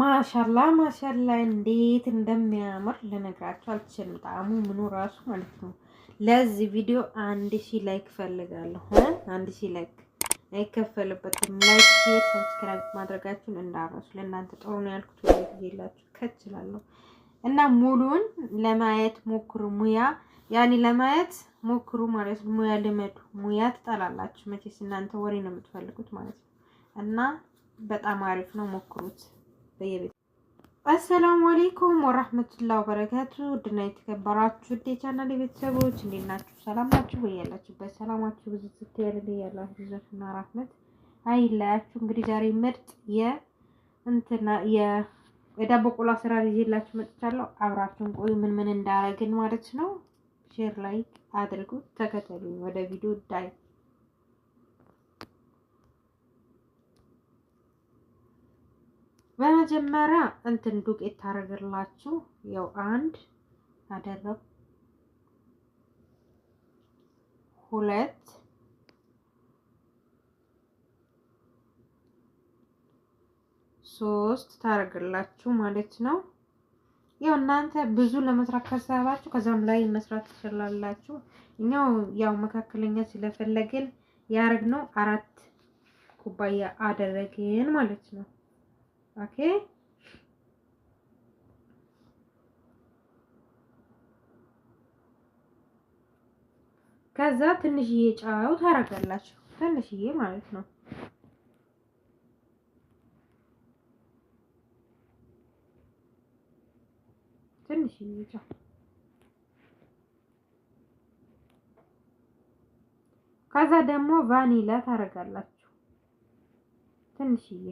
ማሻላ ማሻላ እንዴት እንደሚያምር ልነግራችሁ አልችልም። ጣዕሙ ምኑ ራሱ ማለት ነው። ለዚህ ቪዲዮ አንድ ሺህ ላይክ ፈልጋለሁ። አንድ ሺህ ላይክ አይከፈልበትም። ላይክ፣ ሼር፣ ሰብስክራይብ ማድረጋችሁን እንዳረሱ ለእናንተ ጥሩ ነው ያልኩት ወይ ይላችሁ ከችላለሁ እና ሙሉን ለማየት ሞክሩ። ሙያ ያኔ ለማየት ሞክሩ ማለት ነው። ሙያ ልመዱ። ሙያ ትጠላላችሁ መቼስ እናንተ ወሬ ነው የምትፈልጉት ማለት ነው። እና በጣም አሪፍ ነው፣ ሞክሩት። በየቤት አሰላሙ አሌይኩም ወራህመቱላ ወበረካቱ ውድና የተከበራችሁ ውድ የቻናል ቤተሰቦች እንዴት ናችሁ? ሰላም ናችሁ ወይ? ሰላማችሁ ብዙ ስትያልል ያላችሁ ዘፍና ራህመት አይለያችሁ። እንግዲህ ዛሬ ምርጥ የእንትና የዳቦ ቆላ ስራ ይዤላችሁ መጥቻለሁ። አብራችሁን ቆዩ፣ ምን ምን እንዳረግን ማለት ነው። ሼር ላይክ አድርጉ፣ ተከተሉ። ወደ ቪዲዮ ዳይ በመጀመሪያ እንትን ዱቄት ታደርግላችሁ። ያው አንድ አደረግ ሁለት ሶስት ታደርግላችሁ ማለት ነው። ያው እናንተ ብዙ ለመስራት ከሰባችሁ ከዛም ላይ መስራት ትችላላችሁ። እኛው ያው መካከለኛ ስለፈለግን ያደረግነው አራት ኩባያ አደረግን ማለት ነው። okay ከዛ ትንሽዬ ጨው ታረጋላችሁ ትንሽዬ ማለት ነው ትንሽዬ ጨው ከዛ ደግሞ ቫኒላ ታረጋላችሁ ትንሽዬ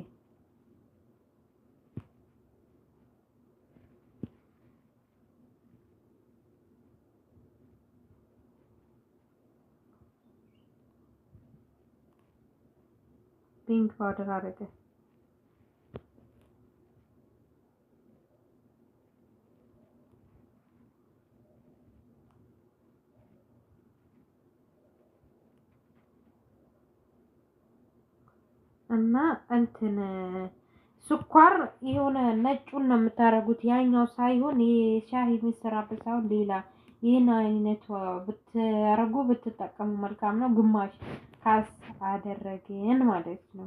ቤኪንግ ፓውደር አደረገ። እና እንትን ስኳር የሆነ ነጩን ነው የምታደርጉት፣ ያኛው ሳይሆን የሻሂ የሚሰራበት ሳይሆን ሌላ። ይህን አይነት ብታረጉ ብትጠቀሙ መልካም ነው። ግማሽ ካስ አደረግን ማለት ነው።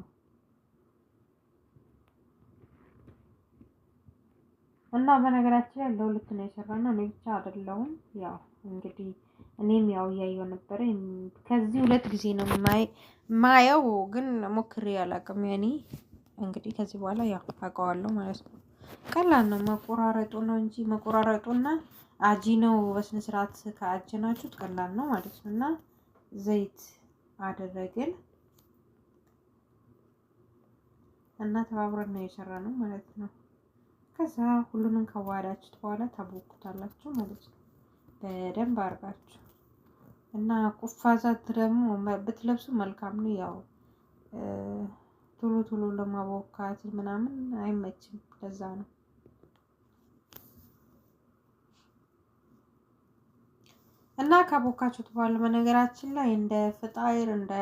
እና በነገራችን ላይ ለሁለት ነው የሰራና እኔ ብቻ አይደለሁም። ያው እንግዲህ እኔም ያው እያየው ነበረ። ከዚህ ሁለት ጊዜ ነው ማየው፣ ግን ሞክሬ አላውቅም። ያኔ እንግዲህ ከዚህ በኋላ ያው አውቀዋለሁ ማለት ነው። ቀላል ነው መቆራረጡ ነው እንጂ መቆራረጡና አጂ ነው በስነ ስርዓት ከአጀናችሁት ቀላል ነው ማለት ነው እና ዘይት አደረግን እና ተባብረን ነው የሰራነው ማለት ነው። ከዛ ሁሉንም ከዋዳችሁት በኋላ ታቦኩታላችሁ ማለት ነው። በደንብ አድርጋችሁ እና ቁፋዛት ደግሞ ብትለብሱ መልካም ነው። ያው ቶሎ ቶሎ ለማቦካት ምናምን አይመችም። ለዛ ነው እና ካቦካችሁት በኋላ በነገራችን ላይ እንደ ፍጣይር እንደ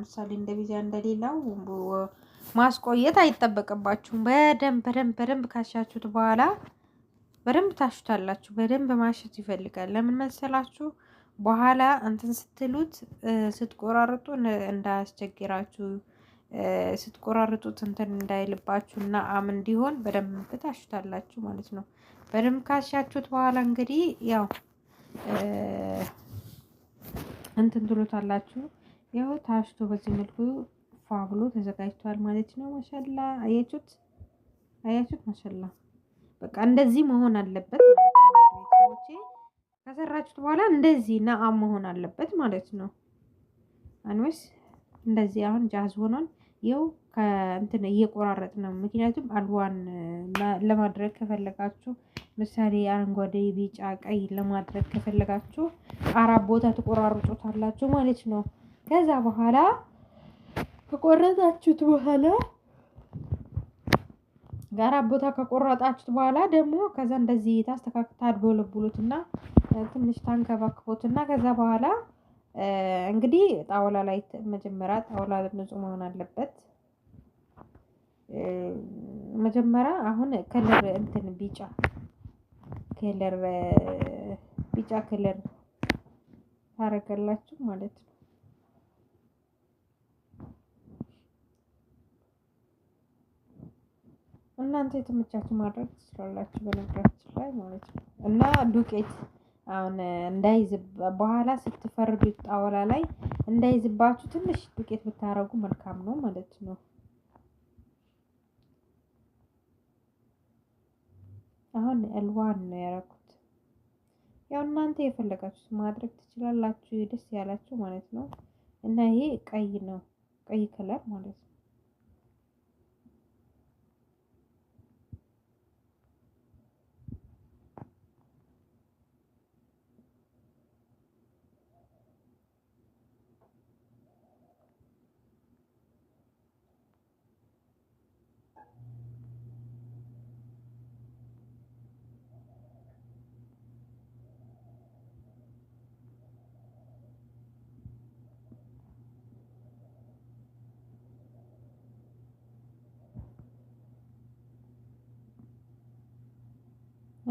ምሳሌ እንደ ቢዛ እንደሌላው ማስቆየት አይጠበቅባችሁም። በደንብ በደንብ በደንብ ካሻችሁት በኋላ በደንብ ታሹታላችሁ። በደንብ ማሸት ይፈልጋል። ለምን መሰላችሁ? በኋላ እንትን ስትሉት ስትቆራርጡ እንዳያስቸግራችሁ ስትቆራርጡት እንትን እንዳይልባችሁ እና አም እንዲሆን በደንብ ታሹታላችሁ ማለት ነው። በደንብ ካሻችሁት በኋላ እንግዲህ ያው እንትን ትሉታላችሁ። ያው ታሽቶ በዚህ መልኩ ፏ ብሎ ተዘጋጅቷል ማለት ነው። ማሻላ አያችሁት፣ አያችሁት፣ ማሻላ በቃ እንደዚህ መሆን አለበት ማለት ነው። ከሰራችሁት በኋላ እንደዚህ ነአም መሆን አለበት ማለት ነው። አንወስ እንደዚህ አሁን ጃዝ ሆኗል። ይኸው ከእንትን እየቆራረጥ ነው። ምክንያቱም አልዋን ለማድረግ ከፈለጋችሁ ምሳሌ አረንጓዴ፣ ቢጫ፣ ቀይ ለማድረግ ከፈለጋችሁ አራት ቦታ ትቆራርጡታላችሁ ማለት ነው። ከዛ በኋላ ከቆረጣችሁት በኋላ አራት ቦታ ከቆረጣችሁት በኋላ ደግሞ ከዛ እንደዚህ ታስተካክታ ታድጎለቡሉትና ትንሽ ታንከባክቦትና ከዛ በኋላ እንግዲህ ጣውላ ላይ መጀመሪያ ጣውላ ንጹህ መሆን አለበት። መጀመሪያ አሁን ከለር እንትን ቢጫ ከለር ቢጫ ከለር ታረጋላችሁ ማለት ነው። እናንተ የተመቻችሁ ማድረግ ትችላላችሁ፣ በነገራችን ላይ ማለት ነው። እና ዱቄት አሁን እንዳይዝ በኋላ ስትፈርዱት ጣውላ ላይ እንዳይዝባችሁ ትንሽ ዱቄት ብታረጉ መልካም ነው ማለት ነው። ዋን እልዋን ነው ያደረኩት። ያው እናንተ የፈለጋችሁት ማድረግ ትችላላችሁ፣ ደስ ያላችሁ ማለት ነው። እና ይሄ ቀይ ነው ቀይ ከለር ማለት ነው።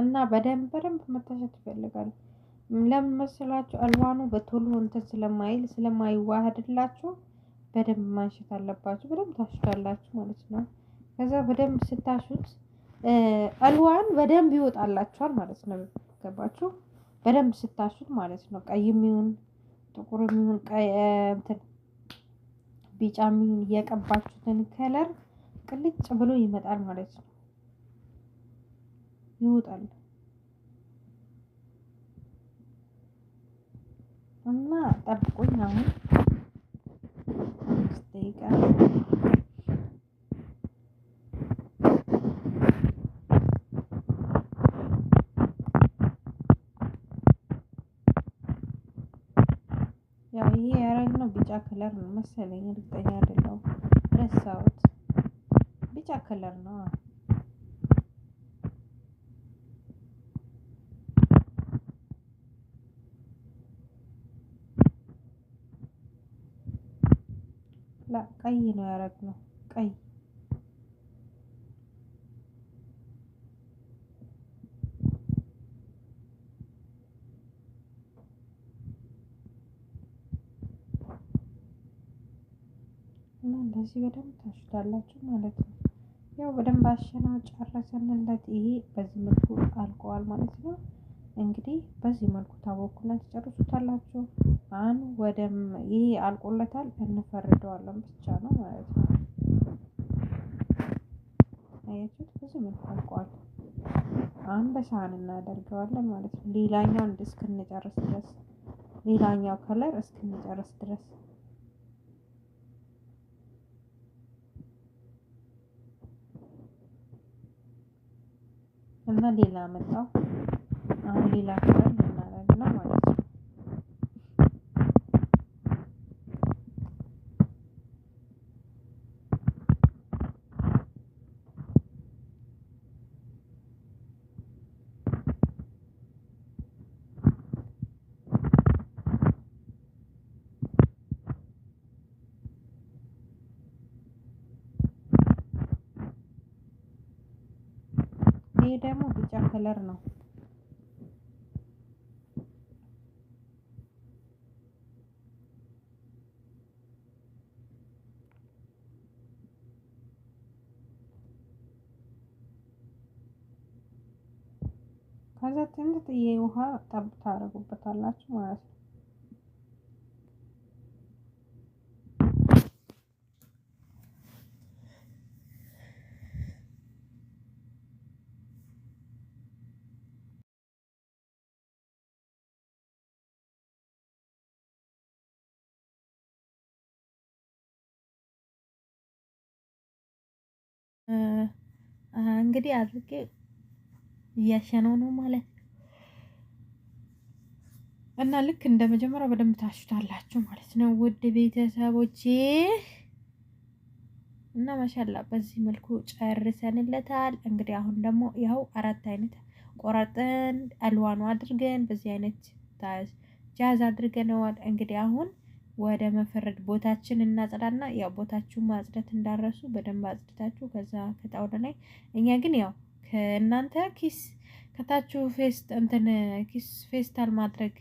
እና በደንብ በደንብ መታሸት ይፈልጋል። ለምን መሰላችሁ? አልዋኑ በቶሎ እንትን ስለማይል ስለማይዋህድላችሁ በደንብ ማሸት አለባችሁ። በደንብ ታሽታላችሁ ማለት ነው። ከዛ በደንብ ስታሹት አልዋን በደንብ ይወጣላችኋል ማለት ነው። ገባችሁ? በደንብ ስታሹት ማለት ነው። ቀይ የሚሆን ጥቁር የሚሆን ቀይ እንትን ቢጫ የሚሆን እየቀባችሁትን ከለር ቅልጭ ብሎ ይመጣል ማለት ነው። ይወጣል እና ጠብቆኝ አሁን አምስት ደቂቃ ያው ይሄ ያረግነው ቢጫ ከለር ነው መሰለኝ፣ እርግጠኛ አይደለሁም። ረሳሁት። ቢጫ ከለር ነው። ቀይ ነው ያደረግነው። ቀይ እና እንደዚህ በደንብ ታሽታላችሁ ማለት ነው። ያው በደንብ አሸናው ጨረሰንለት። ይሄ በዚህ መልኩ አልቀዋል ማለት ነው። እንግዲህ በዚህ መልኩ ታወኩና ትጨርሱታላችሁ። አን ወደም ይሄ አልቆለታል እንፈርደዋለን ብቻ ነው ማለት ነው። አያችሁት? በዚህ መልኩ አልቋል። አሁን በሳህን እናደርገዋለን ማለት ነው። ሌላኛውን እስክንጨርስ ድረስ ሌላኛው ከለር እስክንጨርስ ድረስ እና ሌላ መጣው አሁን ሌላ ክፍል ልናደርግ ነው ማለት ነው። ይሄ ደግሞ ቢጫ ከለር ነው። ከዛ ትንሽዬ ውሃ ጠብ ታደርጉበታላችሁ ማለት ነው። እንግዲህ አድርጌ እያሸነው ነው ማለት እና ልክ እንደ መጀመሪያው በደንብ ታሹታላችሁ ማለት ነው ውድ ቤተሰቦቼ። እና ማሻላ በዚህ መልኩ ጨርሰንለታል። እንግዲህ አሁን ደግሞ ያው አራት አይነት ቆራርጠን አልዋኑ አድርገን በዚህ አይነት ጃዝ አድርገነዋል። እንግዲህ አሁን ወደ መፈረድ ቦታችን እናጽዳና ያው ቦታችሁ ማጽደት እንዳረሱ በደንብ አጽድታችሁ ከዛ ከጣውላ ላይ እኛ ግን ያው እናንተ ኪስ ከታችሁ ፌስ እንትን ኪስ ፌስታል ማድረግ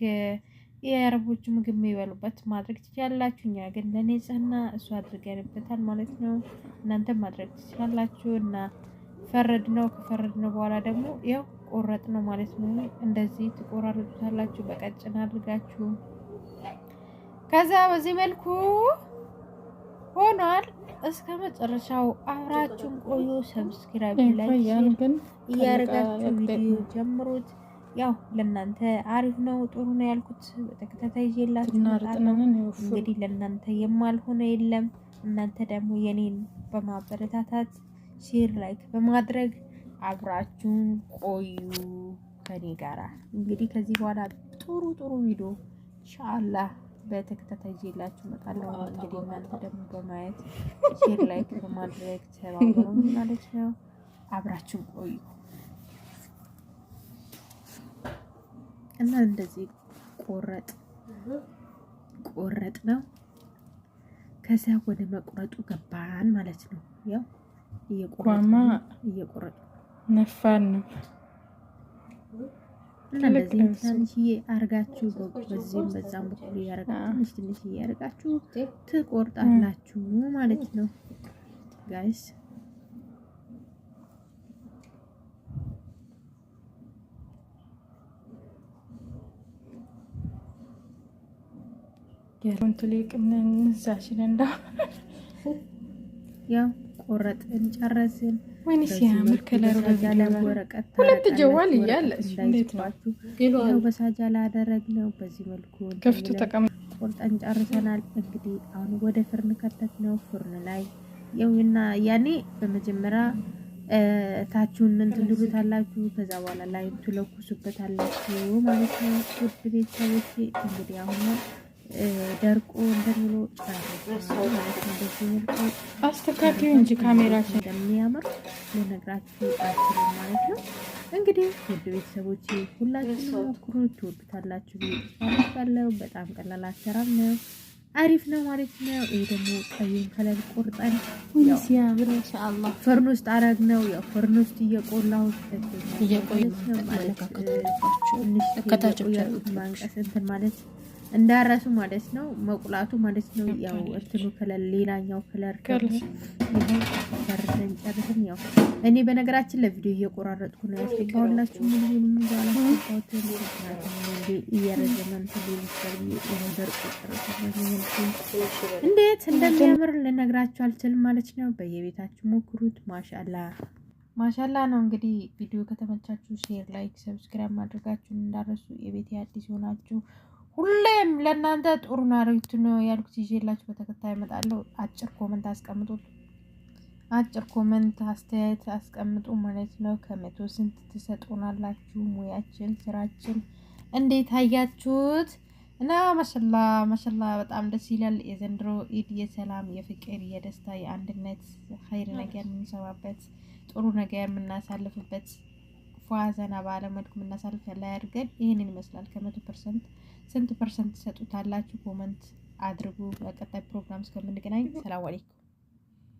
የአረቦቹ ምግብ የሚበሉበት ማድረግ ትችላላችሁ። እኛ ግን ጽህና እሱ አድርገንበታል ማለት ነው። እናንተም ማድረግ ትችላላችሁ። እና ፈረድ ነው። ከፈረድ ነው በኋላ ደግሞ ያው ቆረጥ ነው ማለት ነው። እንደዚህ ትቆራርጡታላችሁ በቀጭን አድርጋችሁ። ከዛ በዚህ መልኩ ሆኗል። እስከ መጨረሻው አብራችሁን ቆዩ። ሰብስክራይብ ላይ እያደረጋችሁ ቪዲዮ ጀምሩት። ያው ለእናንተ አሪፍ ነው ጥሩ ነው ያልኩት በተከታታይ ይዤላችሁ እንግዲህ ለእናንተ የማልሆነ የለም። እናንተ ደግሞ የኔን በማበረታታት ሼር ላይክ በማድረግ አብራችሁን ቆዩ ከኔ ጋራ። እንግዲህ ከዚህ በኋላ ጥሩ ጥሩ ቪዲዮ ኢንሻአላህ በተከታታይ ይዤላችሁ እመጣለሁ። እንግዲህ እናንተ ደግሞ በማየት ሼር፣ ላይክ በማድረግ ተባበሩ ማለት ነው። አብራችሁ ቆዩ እና እንደዚህ ቆረጥ ቆረጥ ነው። ከዚያ ወደ መቁረጡ ገባን ማለት ነው። ያው እየቆረጥ እየቆረጥ ነፋን ነው እና እንደዚህ ትናንሽዬ አርጋችሁ በዚህም በዛም በኩል እያረጋ ትንሽ ትንሽ እያረጋችሁ ትቆርጣላችሁ ማለት ነው ጋይስ። የሩንቱ ሊቅምን እዛችን እንዳ ያው ቆረጥን ጨረስን። ወይኔ ሲያምር ከለሩ ወረቀት ሁለት ጀዋል እያለ እንዴት ነው በሳጃ ነው በዚህ መልኩ ከፍቶ ተቀም ቁርጠን ጨርሰናል። እንግዲህ አሁን ወደ ፍርን ከተት ነው። ፍርን ላይ ይኸውና ያኔ በመጀመሪያ ታችሁን እንትን ትሉት ከዛ በኋላ ላይ ትለኩሱበታላችሁ ማለት ነው። ውድ ቤተሰቦቼ እንግዲህ አሁን ደርቆ እንደሚሎ አስተካክሉ እንጂ ካሜራችን እንደሚያምር ልነግራችሁ አችልም ማለት ነው። እንግዲህ ውድ ቤተሰቦች ሁላችሁ ሞክሩ፣ ትወዱታላችሁ ብያለሁ። በጣም ቀላል አሰራር ነው፣ አሪፍ ነው ማለት ነው። ይህ ደግሞ ቀይን ከለል ቁርጠን ፍርን ውስጥ አረግ ነው። ያው ፍርን ውስጥ እየቆላሁት እየቆይ ነው ማለት ነው። ትንሽ እየቆያሉት እንዳረሱ ማለት ነው መቁላቱ ማለት ነው። ያው እንትኑ ከለር ሌላኛው ከለር ደግሞ ጨርሰን ያው እኔ በነገራችን ለቪዲዮ እየቆራረጥኩ ነው ያስገባሁላችሁ። ምንም ባላስገባሁት እየረዘመን እንዴት እንደሚያምር ልነግራችሁ አልችልም ማለት ነው። በየቤታችሁ ሞክሩት። ማሻላ ማሻላ ነው። እንግዲህ ቪዲዮ ከተመቻችሁ ሼር፣ ላይክ፣ ሰብስክራይብ ማድረጋችሁን እንዳረሱ። የቤት አዲስ ሆናችሁ ሁሌም ለእናንተ ጥሩ ናሪቱ ነው ያልኩት ይዤላችሁ በተከታይ እመጣለሁ። አጭር ኮመንት አስቀምጡ፣ አጭር ኮመንት አስተያየት አስቀምጡ ማለት ነው። ከመቶ ስንት ትሰጡናላችሁ? ሙያችን ስራችን እንዴት አያችሁት? እና ማሻላ ማሻላ በጣም ደስ ይላል። የዘንድሮ ኢድ የሰላም የፍቅር የደስታ የአንድነት ኸይር ነገር የምንሰባበት ጥሩ ነገር የምናሳልፍበት ፏዘና ባለመልኩ የምናሳልፍ ያለ ያድርገን። ይህንን ይመስላል ከመቶ ፐርሰንት ስንት ፐርሰንት ትሰጡታላችሁ? ኮመንት አድርጉ። በቀጣይ ፕሮግራም እስከምንገናኝ ሰላም አለይኩም።